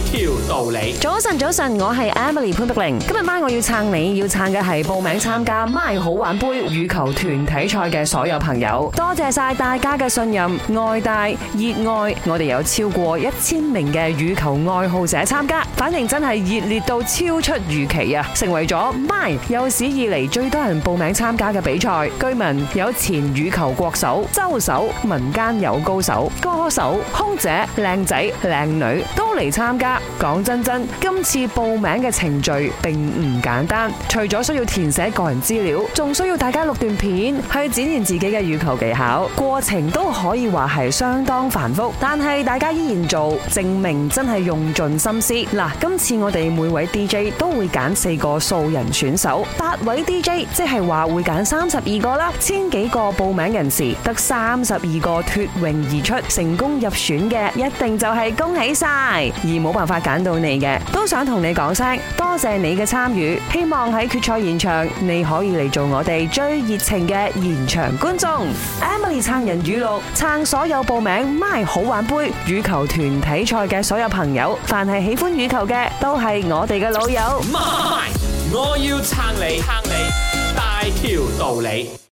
條道理，早晨早晨，我係 Emily 潘碧玲。今日晚我要撐你，要撐嘅係報名參加 My 好玩杯羽球團體賽嘅所有朋友。多謝晒大家嘅信任、愛戴、熱愛。我哋有超過一千名嘅羽球愛好者參加，反應真係熱烈到超出預期啊！成為咗 My 有史以嚟最多人報名參加嘅比賽。據聞有前羽球國手、州手，民間有高手、歌手、空姐、靚仔、靚女都嚟參加。講真真，今次報名嘅程序並唔簡單，除咗需要填寫個人資料，仲需要大家錄段片，去展現自己嘅羽球技巧。過程都可以話係相當繁複，但係大家依然做，證明真係用盡心思。嗱，今次我哋每位 DJ 都會揀四個素人選手，八位 DJ 即係話會揀三十二個啦，千幾個報名人士得三十二個脫穎而出，成功入選嘅一定就係恭喜晒，而冇冇辦法揀到你嘅，都想同你講聲多謝你嘅參與，希望喺決賽現場你可以嚟做我哋最熱情嘅現場觀眾。Emily 撐人語錄，撐所有報名 My 好玩杯羽球團體賽嘅所有朋友，凡係喜歡羽球嘅都係我哋嘅老友。My 我要撐你，撐你大條道理。